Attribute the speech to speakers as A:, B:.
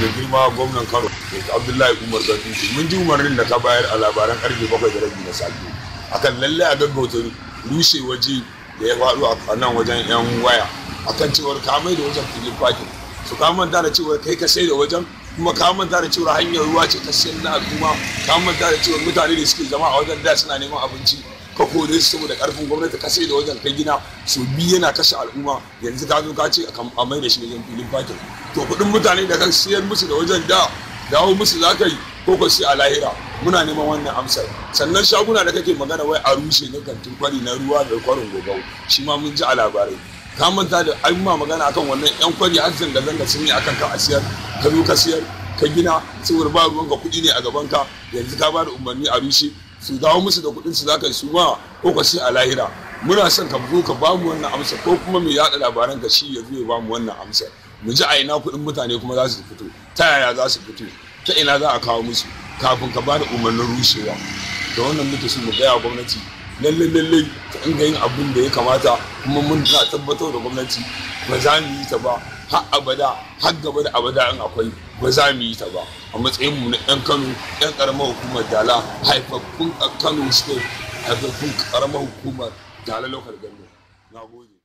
A: mai girma gwamnan kano abdullahi umar zanzishi mun ji umarnin da ka bayar a labaran karfe bakwai da rabi na safe akan lalle a gaggauta rushe waje da ya faru a nan wajen yan waya akan cewar ka mai da wajen filin fakin su ka da cewar kai ka sai da wajen kuma ka da cewar hanyar ruwa ce ta sayar na al'umma ka da cewar mutane da suke zama a wajen da suna neman abinci ka kore su saboda karfin gwamnati ka da wajen kai gina su bi yana kashe al'umma yanzu ka zo ka ce a mai da shi wajen filin fatin. to kuɗin mutane da kan siyar musu da wajen da dawo musu za ka yi ko ka a lahira muna neman wannan amsar sannan shaguna da kake magana wai a rushe na kantin kwari na ruwa da kwarin gogau shi ma mun ji a labarai ka manta da an ma magana akan wannan yan kwari har zanga-zanga sun yi akan ka a siyar ka zo ka siyar ka gina saboda ba ruwan ka kuɗi ne a gaban ka, yanzu ka ba da umarni a rushe su dawo musu da kuɗin su za ka yi su ma ko a lahira muna son ka bugo ka ba mu wannan amsar ko kuma mai yaɗa labaran ka shi ya zo ya ba mu wannan amsar mu ji a ina kuɗin mutane kuma za su fito ta yaya za su fito ta ina za a kawo musu kafin ka ba da umarnin rushewa da wannan muke so mu gaya gwamnati lallai lallai in ga yin abin da ya kamata kuma mun na tabbatar da gwamnati ba za mu yi ta ba har abada har gaba da abada in akwai ba za mu yi ta ba a matsayin mu na yan kano yan karamar hukumar dala
B: haifafun kano state haifafun karamar hukumar dala lokal gano
A: na gode